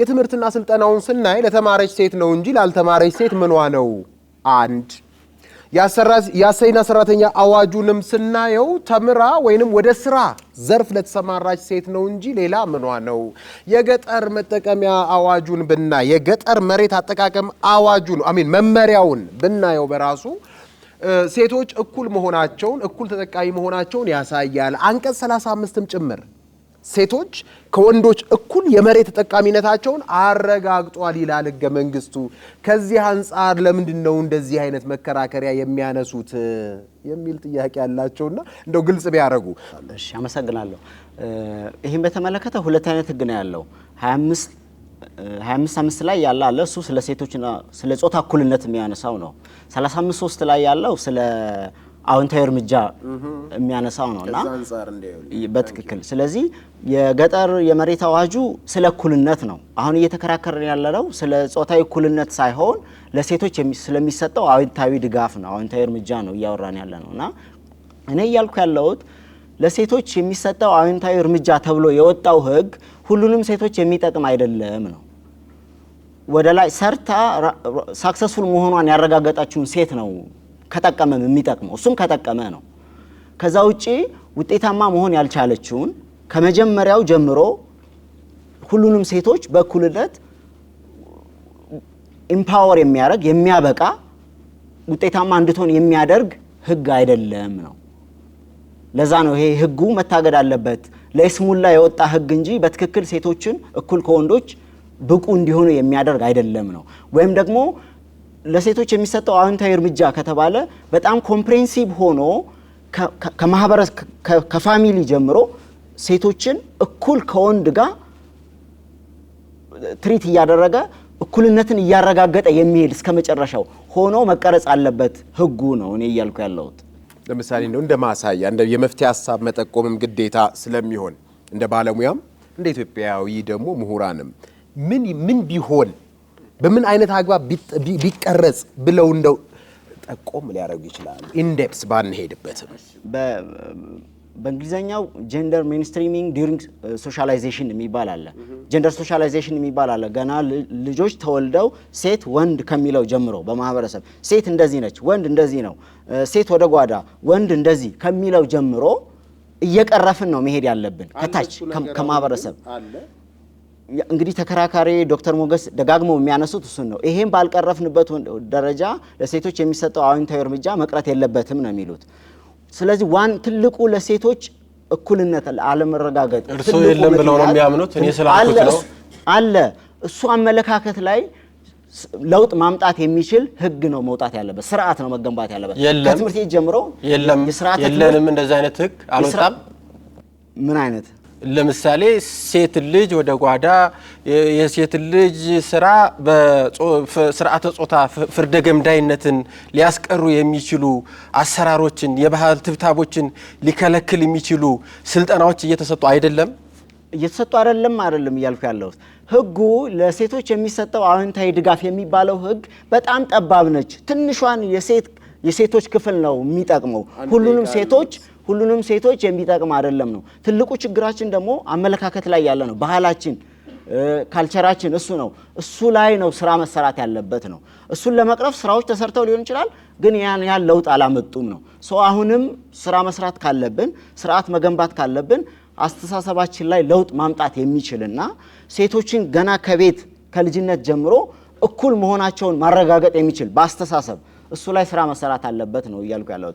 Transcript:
የትምህርትና ስልጠናውን ስናይ ለተማረች ሴት ነው እንጂ ላልተማረች ሴት ምኗ ነው? አንድ የአሰሪና ሰራተኛ አዋጁንም ስናየው ተምራ ወይንም ወደ ስራ ዘርፍ ለተሰማራች ሴት ነው እንጂ ሌላ ምኗ ነው? የገጠር መጠቀሚያ አዋጁን ብናይ የገጠር መሬት አጠቃቀም አዋጁን አሚን መመሪያውን ብናየው በራሱ ሴቶች እኩል መሆናቸውን እኩል ተጠቃሚ መሆናቸውን ያሳያል። አንቀጽ 35ም ጭምር ሴቶች ከወንዶች እኩል የመሬት ተጠቃሚነታቸውን አረጋግጧል ይላል ህገ መንግስቱ። ከዚህ አንጻር ለምንድን ነው እንደዚህ አይነት መከራከሪያ የሚያነሱት የሚል ጥያቄ ያላቸውና እንደው ግልጽ ቢያደርጉ። እሺ፣ አመሰግናለሁ። ይህም በተመለከተ ሁለት አይነት ህግ ነው ያለው 25 25 አምስት ላይ ያለ አለ እሱ ስለ ሴቶችና ስለ ጾታ እኩልነት የሚያነሳው ነው። 35 ላይ ያለው ስለ አዎንታዊ እርምጃ የሚያነሳው ነው እና በትክክል ስለዚህ የገጠር የመሬት አዋጁ ስለ እኩልነት ነው። አሁን እየተከራከርን ያለነው ስለ ጾታዊ እኩልነት ሳይሆን ለሴቶች ስለሚሰጠው አዎንታዊ ድጋፍ ነው፣ አዎንታዊ እርምጃ ነው እያወራን ያለ ነው እና እኔ እያልኩ ያለሁት ለሴቶች የሚሰጠው አዎንታዊ እርምጃ ተብሎ የወጣው ህግ ሁሉንም ሴቶች የሚጠቅም አይደለም ነው ወደ ላይ ሰርታ ሳክሰስፉል መሆኗን ያረጋገጣችውን ሴት ነው ከጠቀመም የሚጠቅመው እሱም ከጠቀመ ነው። ከዛ ውጪ ውጤታማ መሆን ያልቻለችውን ከመጀመሪያው ጀምሮ ሁሉንም ሴቶች በእኩልነት ኢምፓወር የሚያደርግ የሚያበቃ ውጤታማ እንድትሆን የሚያደርግ ህግ አይደለም ነው። ለዛ ነው ይሄ ህጉ መታገድ አለበት። ለይስሙላ የወጣ ህግ እንጂ በትክክል ሴቶችን እኩል ከወንዶች ብቁ እንዲሆኑ የሚያደርግ አይደለም ነው ወይም ደግሞ ለሴቶች የሚሰጠው አዎንታዊ እርምጃ ከተባለ በጣም ኮምፕሬንሲቭ ሆኖ ከፋሚሊ ጀምሮ ሴቶችን እኩል ከወንድ ጋር ትሪት እያደረገ እኩልነትን እያረጋገጠ የሚሄድ እስከ መጨረሻው ሆኖ መቀረጽ አለበት ህጉ ነው እኔ እያልኩ ያለሁት። ለምሳሌ እንደው እንደ ማሳያ እንደ የመፍትሄ ሀሳብ መጠቆምም ግዴታ ስለሚሆን እንደ ባለሙያም እንደ ኢትዮጵያዊ ደግሞ ምሁራንም ምን ምን ቢሆን በምን አይነት አግባብ ቢቀረጽ ብለው እንደው ጠቆም ሊያደርጉ ይችላሉ። ኢንዴፕስ ባንሄድበትም በእንግሊዝኛው ጀንደር ሜንስትሪሚንግ ዲሪንግ ሶሻላይዜሽን የሚባል አለ። ጀንደር ሶሻላይዜሽን የሚባል አለ። ገና ልጆች ተወልደው ሴት ወንድ ከሚለው ጀምሮ በማህበረሰብ ሴት እንደዚህ ነች፣ ወንድ እንደዚህ ነው፣ uh, ሴት ወደ ጓዳ፣ ወንድ እንደዚህ ከሚለው ጀምሮ እየቀረፍን ነው መሄድ ያለብን ከታች ከማህበረሰብ እንግዲህ ተከራካሪ ዶክተር ሞገስ ደጋግሞ የሚያነሱት እሱን ነው። ይሄን ባልቀረፍንበት ደረጃ ለሴቶች የሚሰጠው አዎንታዊ እርምጃ መቅረት የለበትም ነው የሚሉት። ስለዚህ ዋን ትልቁ ለሴቶች እኩልነት አለመረጋገጥ እርስዎ የለም ብለው ነው የሚያምኑት። እኔ ስላልኩት ነው አለ እሱ አመለካከት ላይ ለውጥ ማምጣት የሚችል ህግ ነው መውጣት ያለበት፣ ስርዓት ነው መገንባት ያለበት። ከትምህርት ቤት ጀምሮ የለም የለንም እንደዚህ አይነት ህግ አልወጣም። ምን አይነት ለምሳሌ ሴት ልጅ ወደ ጓዳ የሴት ልጅ ስራ በስርዓተ ጾታ ፍርደ ገምዳይነትን ሊያስቀሩ የሚችሉ አሰራሮችን፣ የባህል ትብታቦችን ሊከለክል የሚችሉ ስልጠናዎች እየተሰጡ አይደለም እየተሰጡ አይደለም አይደለም እያልኩ ያለሁት ህጉ ለሴቶች የሚሰጠው አዎንታዊ ድጋፍ የሚባለው ህግ በጣም ጠባብ ነች። ትንሿን የሴቶች ክፍል ነው የሚጠቅመው ሁሉንም ሴቶች ሁሉንም ሴቶች የሚጠቅም አይደለም ነው። ትልቁ ችግራችን ደግሞ አመለካከት ላይ ያለ ነው። ባህላችን፣ ካልቸራችን እሱ ነው። እሱ ላይ ነው ስራ መሰራት ያለበት ነው። እሱን ለመቅረፍ ስራዎች ተሰርተው ሊሆን ይችላል፣ ግን ያን ያህል ለውጥ አላመጡም ነው። ሰው አሁንም ስራ መስራት ካለብን፣ ስርዓት መገንባት ካለብን አስተሳሰባችን ላይ ለውጥ ማምጣት የሚችልና ሴቶችን ገና ከቤት ከልጅነት ጀምሮ እኩል መሆናቸውን ማረጋገጥ የሚችል በአስተሳሰብ እሱ ላይ ስራ መሰራት አለበት ነው እያልኩ ያለሁት።